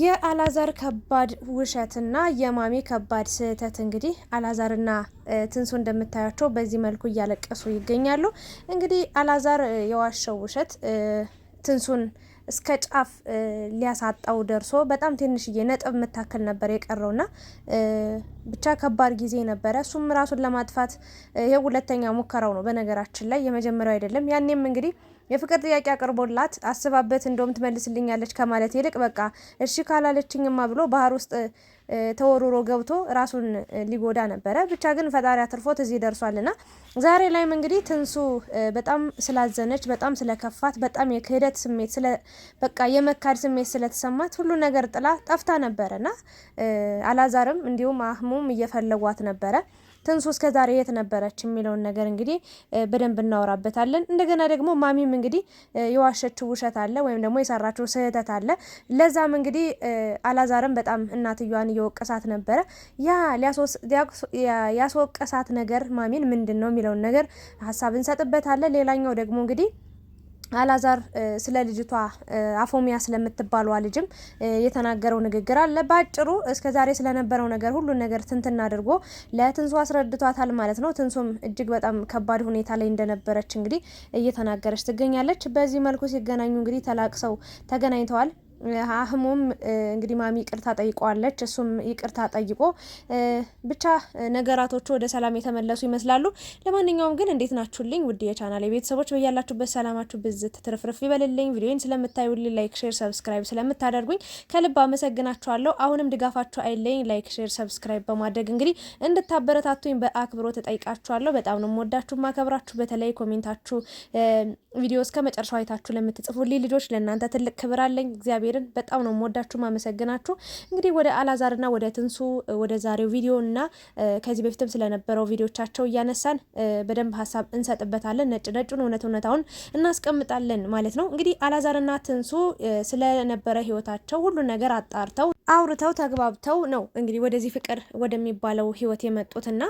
የአላዛር ከባድ ውሸትና የማሚ ከባድ ስህተት እንግዲህ አላዛርና ትንሱ እንደምታያቸው በዚህ መልኩ እያለቀሱ ይገኛሉ። እንግዲህ አላዛር የዋሸው ውሸት ትንሱን እስከ ጫፍ ሊያሳጣው ደርሶ በጣም ትንሽዬ ነጥብ የምታክል ነበር የቀረውና ብቻ ከባድ ጊዜ ነበረ። እሱም ራሱን ለማጥፋት ይሄ ሁለተኛ ሙከራው ነው በነገራችን ላይ የመጀመሪያው አይደለም። ያኔም እንግዲህ የፍቅር ጥያቄ አቅርቦላት አስባበት እንደውም ትመልስልኛለች ከማለት ይልቅ በቃ እሺ ካላለችኝማ ብሎ ባህር ውስጥ ተወርሮ ገብቶ ራሱን ሊጎዳ ነበረ። ብቻ ግን ፈጣሪ አትርፎት እዚህ ደርሷልና ዛሬ ላይም እንግዲህ ትንሱ በጣም ስላዘነች፣ በጣም ስለከፋት፣ በጣም የክህደት ስሜት ስለ በቃ የመካድ ስሜት ስለተሰማት ሁሉ ነገር ጥላ ጠፍታ ነበረና አላዛርም እንዲሁም አህሙም እየፈለጓት ነበረ። ትንሱ እስከዛሬ የት ነበረች የሚለውን ነገር እንግዲህ በደንብ እናወራበታለን። እንደገና ደግሞ ማሚም እንግዲህ የዋሸችው ውሸት አለ ወይም ደግሞ የሰራችው ስህተት አለ። ለዛም እንግዲህ አላዛርም በጣም እናትየዋን እየወቀሳት ነበረ። ያ ያስወቀሳት ነገር ማሚን ምንድን ነው የሚለውን ነገር ሀሳብ እንሰጥበታለን። ሌላኛው ደግሞ እንግዲህ አላዛር ስለ ልጅቷ አፎሚያ ስለምትባሏ ልጅም የተናገረው ንግግር አለ። በአጭሩ እስከ ዛሬ ስለነበረው ነገር ሁሉን ነገር ትንትና አድርጎ ለትንሱ አስረድቷታል ማለት ነው። ትንሱም እጅግ በጣም ከባድ ሁኔታ ላይ እንደነበረች እንግዲህ እየተናገረች ትገኛለች። በዚህ መልኩ ሲገናኙ እንግዲህ ተላቅሰው ተገናኝተዋል። አህሙም እንግዲህ ማሚ ይቅርታ ጠይቋለች። እሱም ይቅርታ ጠይቆ ብቻ ነገራቶቹ ወደ ሰላም የተመለሱ ይመስላሉ። ለማንኛውም ግን እንዴት ናችሁልኝ ውድ የቻናል የቤተሰቦች በያላችሁበት ሰላማችሁ ብዝት ትርፍርፍ ይበልልኝ። ቪዲዮን ስለምታዩልኝ ላይክ፣ ሼር፣ ሰብስክራይብ ስለምታደርጉኝ ከልብ አመሰግናችኋለሁ። አሁንም ድጋፋችሁ አይለኝ። ላይክ፣ ሼር፣ ሰብስክራይብ በማድረግ እንግዲህ እንድታበረታቱኝ በአክብሮ ተጠይቃችኋለሁ። በጣም ነው የምወዳችሁ ማከብራችሁ። በተለይ ኮሜንታችሁ ቪዲዮ እስከ መጨረሻው አይታችሁ ለምትጽፉልኝ ልጆች ለእናንተ ትልቅ ክብር አለኝ። እግዚአብሔርን በጣም ነው የምወዳችሁ ማመሰግናችሁ። እንግዲህ ወደ አላዛርና ወደ ትንሱ ወደ ዛሬው ቪዲዮ እና ከዚህ በፊትም ስለነበረው ቪዲዮቻቸው እያነሳን በደንብ ሀሳብ እንሰጥበታለን። ነጭ ነጩን እውነት እውነታውን እናስቀምጣለን ማለት ነው። እንግዲህ አላዛርና ትንሱ ስለነበረ ህይወታቸው ሁሉን ነገር አጣርተው አውርተው ተግባብተው ነው እንግዲህ ወደዚህ ፍቅር ወደሚባለው ህይወት የመጡትና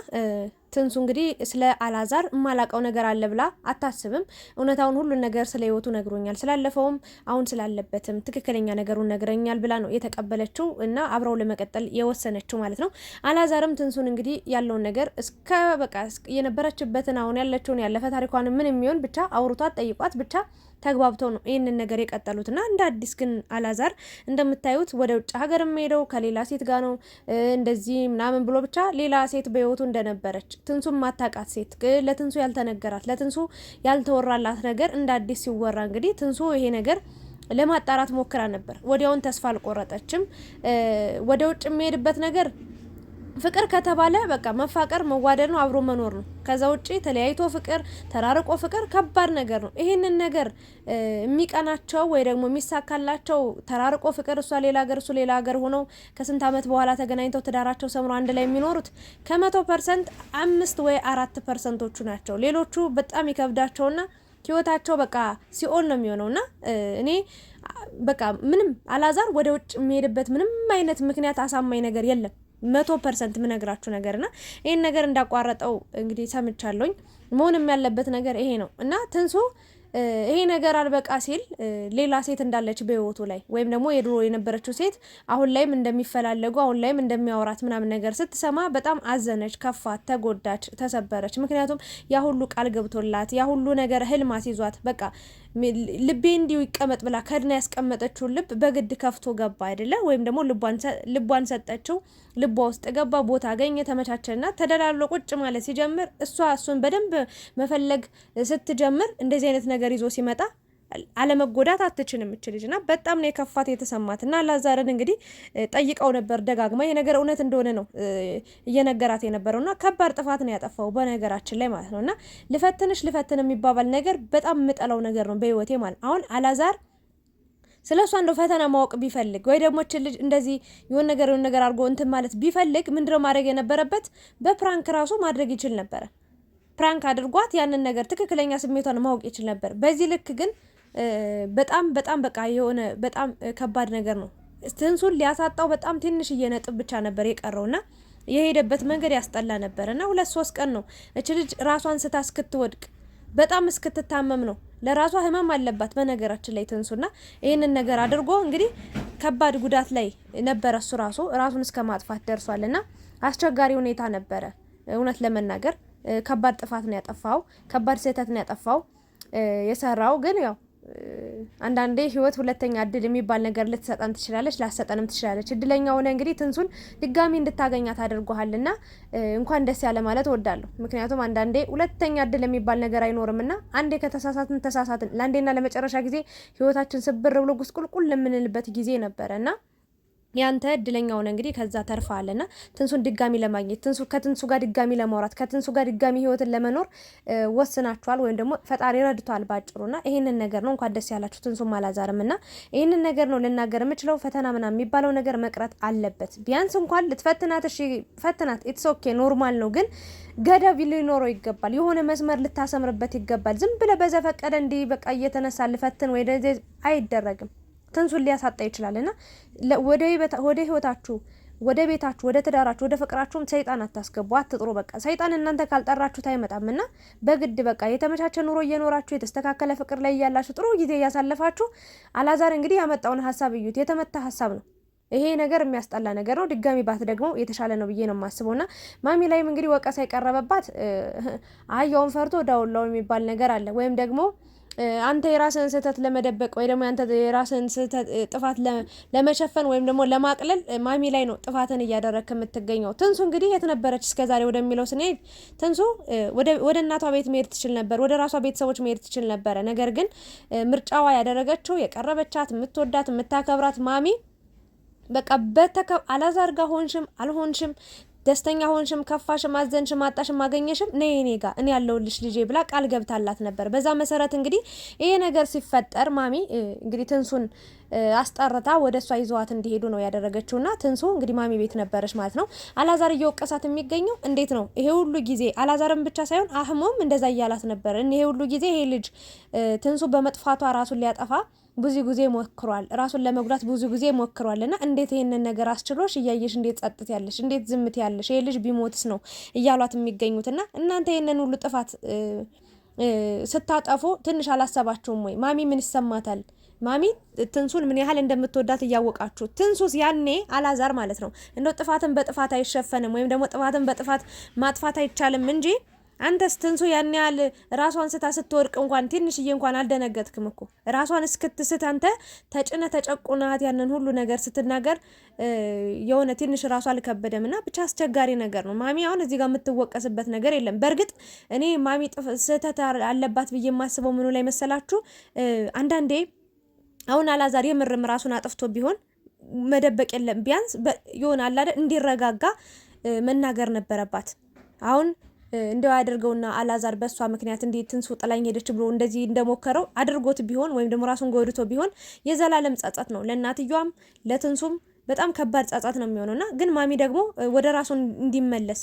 ትንሱ እንግዲህ ስለ አላዛር የማላቀው ነገር አለ ብላ አታስብም። እውነታውን ሁሉን ነገር ስለ ህይወቱ ነግሮኛል፣ ስላለፈውም አሁን ስላለበትም ትክክለኛ ነገሩን ነግረኛል ብላ ነው የተቀበለችው እና አብረው ለመቀጠል የወሰነችው ማለት ነው። አላዛርም ትንሱን እንግዲህ ያለውን ነገር እስከ በቃ የነበረችበትን አሁን ያለችውን ያለፈ ታሪኳን ምን የሚሆን ብቻ አውርቷት ጠይቋት ብቻ ተግባብተው ነው ይህንን ነገር የቀጠሉት እና እንደ አዲስ ግን አላዛር እንደምታዩት ወደ ውጭ ሀገር የሚሄደው ከሌላ ሴት ጋር ነው እንደዚህ ምናምን ብሎ ብቻ ሌላ ሴት በህይወቱ እንደነበረች ትንሱ ማታቃት ሴት ለትንሱ ያልተነገራት ለትንሱ ያልተወራላት ነገር እንደ አዲስ ሲወራ እንግዲህ ትንሱ ይሄ ነገር ለማጣራት ሞክራ ነበር። ወዲያውን ተስፋ አልቆረጠችም። ወደ ውጭ የሚሄድበት ነገር ፍቅር ከተባለ በቃ መፋቀር መዋደድ ነው፣ አብሮ መኖር ነው። ከዛ ውጪ ተለያይቶ ፍቅር ተራርቆ ፍቅር ከባድ ነገር ነው። ይህንን ነገር የሚቀናቸው ወይ ደግሞ የሚሳካላቸው ተራርቆ ፍቅር እሷ ሌላ ሀገር እሱ ሌላ ሀገር ሆነው ከስንት ዓመት በኋላ ተገናኝተው ትዳራቸው ሰምሮ አንድ ላይ የሚኖሩት ከመቶ ፐርሰንት አምስት ወይ አራት ፐርሰንቶቹ ናቸው። ሌሎቹ በጣም ይከብዳቸውና ህይወታቸው በቃ ሲኦል ነው የሚሆነው። እና እኔ በቃ ምንም አላዛር ወደ ውጭ የሚሄድበት ምንም አይነት ምክንያት አሳማኝ ነገር የለም። መቶ ፐርሰንት ምነግራችሁ ነገር ና ይህን ነገር እንዳቋረጠው እንግዲህ ሰምቻለኝ። መሆንም ያለበት ነገር ይሄ ነው እና ትንሱ ይሄ ነገር አልበቃ ሲል ሌላ ሴት እንዳለች በህይወቱ ላይ ወይም ደግሞ የድሮ የነበረችው ሴት አሁን ላይም እንደሚፈላለጉ አሁን ላይም እንደሚያወራት ምናምን ነገር ስትሰማ በጣም አዘነች፣ ከፋት፣ ተጎዳች፣ ተሰበረች። ምክንያቱም ያ ሁሉ ቃል ገብቶላት ያ ሁሉ ነገር ህልም አስይዟት በቃ ልቤ እንዲሁ ይቀመጥ ብላ ከድና ያስቀመጠችውን ልብ በግድ ከፍቶ ገባ አይደለ? ወይም ደግሞ ልቧን ሰጠችው፣ ልቧ ውስጥ ገባ፣ ቦታ አገኘ፣ ተመቻቸና ተደላሎ ቁጭ ማለት ሲጀምር እሷ እሱን በደንብ መፈለግ ስትጀምር እንደዚህ አይነት ነገር ይዞ ሲመጣ አለመጎዳት አትችል የምችል ልጅ ና በጣም ነው የከፋት የተሰማት እና ላዛርን እንግዲህ ጠይቀው ነበር ደጋግማ የነገር እውነት እንደሆነ ነው እየነገራት የነበረው ና ከባድ ጥፋት ነው ያጠፋው በነገራችን ላይ ማለት ነው እና ልፈትንሽ ልፈትን የሚባባል ነገር በጣም የምጠላው ነገር ነው በህይወቴ ማለት አሁን አላዛር ስለ እሷ እንደው ፈተና ማወቅ ቢፈልግ ወይ ደግሞ ችን ልጅ እንደዚህ የሆን ነገር የሆን ነገር አድርጎ እንትን ማለት ቢፈልግ ምንድነው ማድረግ የነበረበት? በፕራንክ ራሱ ማድረግ ይችል ነበረ። ፕራንክ አድርጓት ያንን ነገር ትክክለኛ ስሜቷን ማወቅ ይችል ነበር። በዚህ ልክ ግን በጣም በጣም በቃ የሆነ በጣም ከባድ ነገር ነው። ትንሱን ሊያሳጣው በጣም ትንሽዬ ነጥብ ብቻ ነበር የቀረውና የሄደበት መንገድ ያስጠላ ነበር እና ሁለት ሶስት ቀን ነው እች ልጅ ራሷን ስታ እስክትወድቅ በጣም እስክትታመም ነው። ለራሷ ህመም አለባት በነገራችን ላይ ትንሱና ይህንን ነገር አድርጎ እንግዲህ ከባድ ጉዳት ላይ ነበረ። እሱ ራሱ ራሱን እስከ ማጥፋት ደርሷል እና አስቸጋሪ ሁኔታ ነበረ። እውነት ለመናገር ከባድ ጥፋት ነው ያጠፋው፣ ከባድ ስህተት ነው ያጠፋው የሰራው ግን ያው አንዳንዴ ህይወት ሁለተኛ እድል የሚባል ነገር ልትሰጠን ትችላለች፣ ላሰጠንም ትችላለች። እድለኛ ሆነ እንግዲህ ትንሱን ድጋሚ እንድታገኛ ታደርጓሃል እንኳን ደስ ያለ ማለት እወዳለሁ። ምክንያቱም አንዳንዴ ሁለተኛ እድል የሚባል ነገር አይኖርም እና አንዴ ከተሳሳትን ተሳሳትን። ለአንዴና ለመጨረሻ ጊዜ ህይወታችን ስብር ብሎ ጉስቁልቁል የምንልበት ጊዜ ነበረ እና ያንተ እድለኛ ነው እንግዲህ ከዛ ተርፋ አለና ትንሱን ድጋሚ ለማግኘት ትንሱ ከትንሱ ጋር ድጋሚ ለማውራት ከትንሱ ጋር ድጋሚ ህይወትን ለመኖር ወስናችኋል፣ ወይም ደግሞ ፈጣሪ ረድቷል ባጭሩና ይህንን ነገር ነው። እንኳን ደስ ያላችሁ ትንሱ አላዛርም እና ይህንን ነገር ነው ልናገር የምችለው። ፈተና ምናምን የሚባለው ነገር መቅረት አለበት። ቢያንስ እንኳን ልትፈትናት፣ እሺ ፈትናት፣ ኢትስ ኦኬ ኖርማል ነው። ግን ገደብ ሊኖረው ይገባል። የሆነ መስመር ልታሰምርበት ይገባል። ዝም ብለህ በዘፈቀደ እንዲህ በቃ እየተነሳ ልፈትን ወይ አይደረግም። ትንሱን ሊያሳጣ ይችላል እና ወደ ህይወታችሁ ወደ ቤታችሁ ወደ ትዳራችሁ ወደ ፍቅራችሁም ሰይጣን አታስገቡ፣ አትጥሩ። በቃ ሰይጣን እናንተ ካልጠራችሁት አይመጣም እና በግድ በቃ የተመቻቸ ኑሮ እየኖራችሁ የተስተካከለ ፍቅር ላይ እያላችሁ ጥሩ ጊዜ እያሳለፋችሁ አላዛር እንግዲህ ያመጣውን ሀሳብ እዩት። የተመታ ሀሳብ ነው ይሄ ነገር የሚያስጠላ ነገር ነው። ድጋሚ ባት ደግሞ የተሻለ ነው ብዬ ነው የማስበው። እና ማሚ ላይም እንግዲህ ወቀሳ የቀረበባት አህያውን ፈርቶ ዳውላው የሚባል ነገር አለ ወይም ደግሞ አንተ የራስህን ስህተት ለመደበቅ ወይ ደግሞ አንተ የራስህን ጥፋት ለመሸፈን ወይም ደግሞ ለማቅለል ማሚ ላይ ነው ጥፋትን እያደረግክ የምትገኘው። ትንሱ እንግዲህ የት ነበረች እስከዛሬ ወደሚለው ስንሄድ ትንሱ ወደ እናቷ ቤት መሄድ ትችል ነበር፣ ወደ ራሷ ቤተሰቦች መሄድ ትችል ነበረ። ነገር ግን ምርጫዋ ያደረገችው የቀረበቻት የምትወዳት የምታከብራት ማሚ በቃ በተከ አላዛርጋ ሆንሽም አልሆንሽም ደስተኛ ሆንሽም፣ ከፋሽም፣ አዘንሽም፣ አጣሽም፣ አገኘሽም ነይ እኔ ጋር እኔ ያለሁልሽ ልጄ ብላ ቃል ገብታላት ነበር። በዛ መሰረት እንግዲህ ይሄ ነገር ሲፈጠር ማሚ እንግዲህ ትንሱን አስጠርታ ወደ እሷ ይዘዋት እንዲሄዱ ነው ያደረገችውና ትንሱ እንግዲህ ማሚ ቤት ነበረች ማለት ነው። አላዛር እየወቀሳት የሚገኘው እንዴት ነው ይሄ ሁሉ ጊዜ አላዛርን ብቻ ሳይሆን አህሞም እንደዛ እያላት ነበር። ይሄ ሁሉ ጊዜ ይሄ ልጅ ትንሱ በመጥፋቷ ራሱን ሊያጠፋ ብዙ ጊዜ ሞክሯል፣ ራሱን ለመጉዳት ብዙ ጊዜ ሞክሯል። እና እንዴት ይህንን ነገር አስችሎሽ እያየሽ እንዴት ጸጥት ያለሽ እንዴት ዝምት ያለሽ ይህ ልጅ ቢሞትስ ነው እያሏት የሚገኙት። እና እናንተ ይህንን ሁሉ ጥፋት ስታጠፉ ትንሽ አላሰባችሁም ወይ? ማሚ ምን ይሰማታል? ማሚ ትንሱን ምን ያህል እንደምትወዳት እያወቃችሁ ትንሱስ ያኔ አላዛር ማለት ነው እንደው ጥፋትን በጥፋት አይሸፈንም ወይም ደግሞ ጥፋትን በጥፋት ማጥፋት አይቻልም እንጂ አንተ ስትንሱ ያን ያህል ራሷን ስታ ስትወድቅ እንኳን ትንሽዬ እንኳን አልደነገጥክም እኮ ራሷን እስክትስት አንተ ተጭነ ተጨቁናት ያንን ሁሉ ነገር ስትናገር የሆነ ትንሽ ራሷ አልከበደም እና ብቻ አስቸጋሪ ነገር ነው። ማሚ አሁን እዚህ ጋር የምትወቀስበት ነገር የለም። በእርግጥ እኔ ማሚ ስህተት አለባት ብዬ የማስበው ምኑ ላይ መሰላችሁ? አንዳንዴ አሁን አላዛር የምርም ራሱን አጥፍቶ ቢሆን መደበቅ የለም ቢያንስ ይሆን አላደ እንዲረጋጋ መናገር ነበረባት አሁን እንደው ያደርገውና አላዛር በእሷ ምክንያት እንዴት ትንሱ ጥላኝ ሄደች ብሎ እንደዚህ እንደሞከረው አድርጎት ቢሆን ወይም ደግሞ ራሱን ጎድቶ ቢሆን የዘላለም ጸጸት ነው ለእናትየዋም ለትንሱም በጣም ከባድ ጸጸት ነው የሚሆነውና ግን ማሚ ደግሞ ወደ ራሱን እንዲመለስ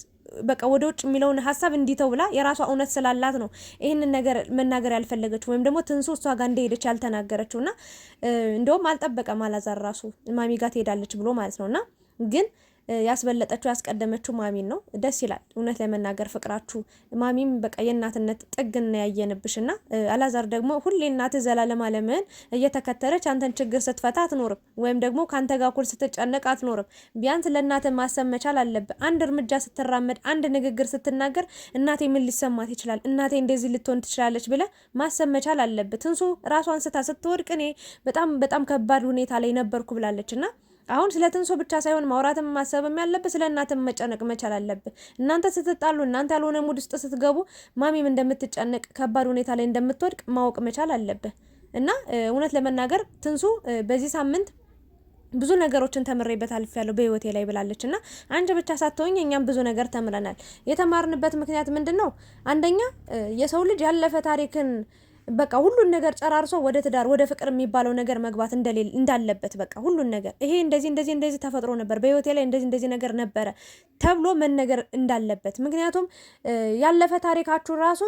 በቃ ወደ ውጭ የሚለውን ሀሳብ እንዲተው ብላ የራሷ እውነት ስላላት ነው ይህንን ነገር መናገር ያልፈለገችው ወይም ደግሞ ትንሱ እሷ ጋር እንደሄደች ያልተናገረችው እና እንደውም አልጠበቀም አላዛር ራሱ ማሚ ጋር ትሄዳለች ብሎ ማለት ነው እና ግን ያስበለጠችው ያስቀደመችው ማሚን ነው። ደስ ይላል እውነት ለመናገር ፍቅራችሁ። ማሚም በቃ የእናትነት ጥግ እናያየንብሽ እና አላዛር ደግሞ ሁሌ እናትህ ዘላለም አለምህን እየተከተለች አንተን ችግር ስትፈታ አትኖርም፣ ወይም ደግሞ ከአንተ ጋር እኩል ስትጨነቅ አትኖርም። ቢያንስ ለእናት ማሰብ መቻል አለብህ። አንድ እርምጃ ስትራመድ፣ አንድ ንግግር ስትናገር እናቴ ምን ሊሰማት ይችላል፣ እናቴ እንደዚህ ልትሆን ትችላለች ብለህ ማሰብ መቻል አለብህ። ትንሱ ራሷን ስታ ስትወድቅ እኔ በጣም በጣም ከባድ ሁኔታ ላይ ነበርኩ ብላለች እና አሁን ስለ ትንሶ ብቻ ሳይሆን ማውራትም ማሰብም ያለብህ ስለ እናትም መጨነቅ መቻል አለብህ። እናንተ ስትጣሉ፣ እናንተ ያልሆነ ሙድ ውስጥ ስትገቡ ማሚም እንደምትጨነቅ ከባድ ሁኔታ ላይ እንደምትወድቅ ማወቅ መቻል አለብህ እና እውነት ለመናገር ትንሱ በዚህ ሳምንት ብዙ ነገሮችን ተምሬበት ያለው በህይወቴ ላይ ብላለች እና አንቺ ብቻ ሳትሆኝ እኛም ብዙ ነገር ተምረናል። የተማርንበት ምክንያት ምንድን ነው? አንደኛ የሰው ልጅ ያለፈ ታሪክን በቃ ሁሉን ነገር ጨራርሶ ወደ ትዳር ወደ ፍቅር የሚባለው ነገር መግባት እንዳለበት በቃ ሁሉን ነገር ይሄ እንደዚህ እንደዚህ እንደዚህ ተፈጥሮ ነበር፣ በህይወቴ ላይ እንደዚህ እንደዚህ ነገር ነበረ ተብሎ መነገር እንዳለበት። ምክንያቱም ያለፈ ታሪካችሁ ራሱ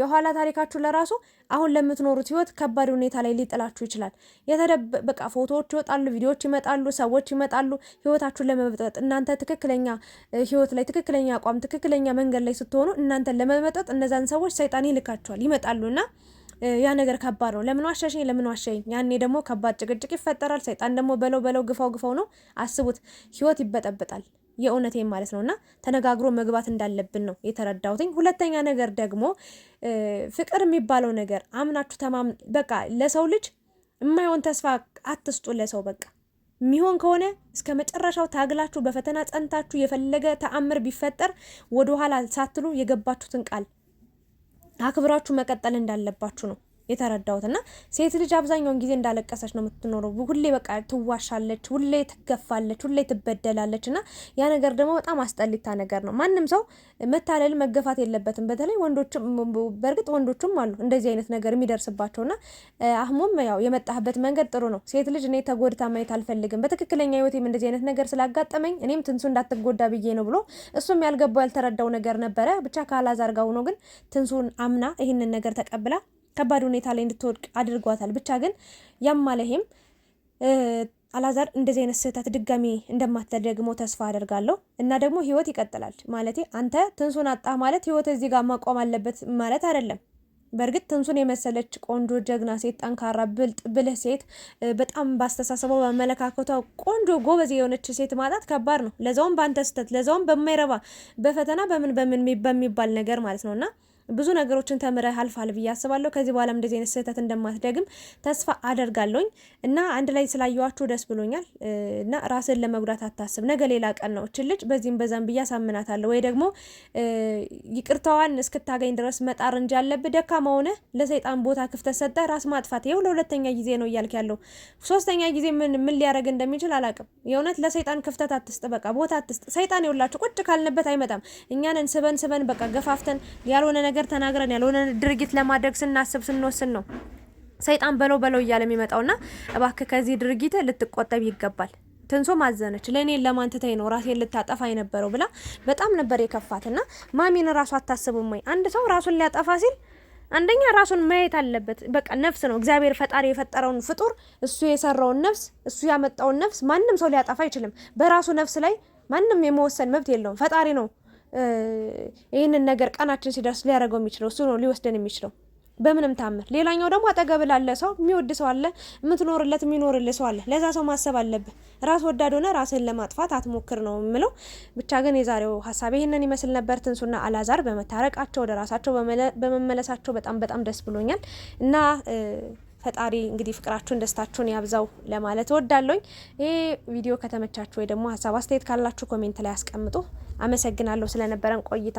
የኋላ ታሪካችሁ ለራሱ አሁን ለምትኖሩት ህይወት ከባድ ሁኔታ ላይ ሊጥላችሁ ይችላል። የተደበ በቃ ፎቶዎች ይወጣሉ፣ ቪዲዮዎች ይመጣሉ፣ ሰዎች ይመጣሉ ህይወታችሁን ለመበጥበጥ። እናንተ ትክክለኛ ህይወት ላይ ትክክለኛ አቋም ትክክለኛ መንገድ ላይ ስትሆኑ እናንተን ለመበጥበጥ እነዛን ሰዎች ሰይጣን ይልካቸዋል ይመጣሉና ያ ነገር ከባድ ነው። ለምን ዋሻሽኝ፣ ለምን ዋሻኝ። ያኔ ደግሞ ከባድ ጭቅጭቅ ይፈጠራል። ሰይጣን ደግሞ በለው በለው፣ ግፋው ግፋው ነው። አስቡት፣ ህይወት ይበጠበጣል። የእውነቴን ማለት ነው። እና ተነጋግሮ መግባት እንዳለብን ነው የተረዳሁትኝ። ሁለተኛ ነገር ደግሞ ፍቅር የሚባለው ነገር አምናችሁ ተማም በቃ ለሰው ልጅ የማይሆን ተስፋ አትስጡ ለሰው በቃ የሚሆን ከሆነ እስከ መጨረሻው ታግላችሁ በፈተና ጸንታችሁ የፈለገ ተአምር ቢፈጠር ወደኋላ ሳትሉ የገባችሁትን ቃል አክብራችሁ መቀጠል እንዳለባችሁ ነው የተረዳሁት እና ሴት ልጅ አብዛኛውን ጊዜ እንዳለቀሰች ነው የምትኖረው። ሁሌ በቃ ትዋሻለች፣ ሁሌ ትገፋለች፣ ሁሌ ትበደላለች እና ያ ነገር ደግሞ በጣም አስጠሊታ ነገር ነው። ማንም ሰው መታለል መገፋት የለበትም። በተለይ ወንዶችም በእርግጥ ወንዶችም አሉ እንደዚህ አይነት ነገር የሚደርስባቸውና አህሙም ያው የመጣህበት መንገድ ጥሩ ነው። ሴት ልጅ እኔ ተጎድታ ማየት አልፈልግም። በትክክለኛ ህይወቴም እንደዚህ አይነት ነገር ስላጋጠመኝ እኔም ትንሱ እንዳትጎዳ ብዬ ነው ብሎ እሱም ያልገባው ያልተረዳው ነገር ነበረ። ብቻ ካላዛር ሆኖ ግን ትንሱን አምና ይህንን ነገር ተቀብላ ከባድ ሁኔታ ላይ እንድትወድቅ አድርጓታል። ብቻ ግን ያም ማለሄም አላዛር እንደዚህ አይነት ስህተት ድጋሚ እንደማትደግመው ተስፋ አደርጋለሁ እና ደግሞ ህይወት ይቀጥላል። ማለት አንተ ትንሱን አጣ ማለት ህይወት እዚህ ጋር ማቆም አለበት ማለት አይደለም። በእርግጥ ትንሱን የመሰለች ቆንጆ ጀግና ሴት፣ ጠንካራ ብልጥ ብልህ ሴት፣ በጣም ባስተሳሰቧ በአመለካከቷ ቆንጆ ጎበዝ የሆነች ሴት ማጣት ከባድ ነው። ለዛውም በአንተ ስህተት፣ ለዛውም በማይረባ በፈተና በምን በምን በሚባል ነገር ማለት ነውና ብዙ ነገሮችን ተምረህ አልፈሃል ብዬ አስባለሁ። ከዚህ በኋላም እንደዚህ አይነት ስህተት እንደማትደግም ተስፋ አደርጋለሁኝ እና አንድ ላይ ስላየዋችሁ ደስ ብሎኛል እና ራስን ለመጉዳት አታስብ። ነገ ሌላ ቀን ነው። እች ልጅ በዚህም በዛም ብዬ አሳምናታለሁ ወይ ደግሞ ይቅርታዋን እስክታገኝ ድረስ መጣር እንጂ አለብህ። ደካማ ሆነህ ለሰይጣን ቦታ ክፍተት ሰጠህ። ራስ ማጥፋት ይኸው ለሁለተኛ ጊዜ ነው እያልክ ያለው ሶስተኛ ጊዜ ምን ምን ሊያደርግ እንደሚችል አላውቅም። የእውነት ለሰይጣን ክፍተት አትስጥ፣ በቃ ቦታ አትስጥ። ሰይጣን ይውላችሁ ቁጭ ካልንበት አይመጣም። እኛንን ስበን ስበን በቃ ገፋፍተን ያልሆነ ነገር ተናግረን ያልሆነ ድርጊት ለማድረግ ስናስብ ስንወስን ነው ሰይጣን በለው በለው እያለ የሚመጣውና እባክህ ከዚህ ድርጊት ልትቆጠብ ይገባል። ትንሶ ማዘነች። ለእኔ ለማን ነው ራሴን ልታጠፋ የነበረው ብላ በጣም ነበር የከፋትና ማሚን ራሱ አታስብም ወይ? አንድ ሰው ራሱን ሊያጠፋ ሲል አንደኛ ራሱን ማየት አለበት። በቃ ነፍስ ነው እግዚአብሔር ፈጣሪ የፈጠረውን ፍጡር እሱ የሰራውን ነፍስ እሱ ያመጣውን ነፍስ ማንም ሰው ሊያጠፋ አይችልም። በራሱ ነፍስ ላይ ማንም የመወሰን መብት የለውም። ፈጣሪ ነው ይህንን ነገር ቀናችን ሲደርስ ሊያደርገው የሚችለው እሱ ነው ሊወስደን የሚችለው በምንም ታምር። ሌላኛው ደግሞ አጠገብ ላለ ሰው የሚወድ ሰው አለ፣ የምትኖርለት የሚኖርል ሰው አለ። ለዛ ሰው ማሰብ አለብህ። ራስ ወዳድ ሆነ ራስን ለማጥፋት አትሞክር ነው የምለው። ብቻ ግን የዛሬው ሀሳቤ ይህንን ይመስል ነበር። ትንሱና አላዛር በመታረቃቸው ወደ ራሳቸው በመመለሳቸው በጣም በጣም ደስ ብሎኛል እና ፈጣሪ እንግዲህ ፍቅራችሁን ደስታችሁን ያብዛው ለማለት እወዳለሁኝ። ይሄ ቪዲዮ ከተመቻችሁ ወይ ደግሞ ሀሳብ አስተያየት ካላችሁ ኮሜንት ላይ አስቀምጡ። አመሰግናለሁ ስለነበረን ቆይታ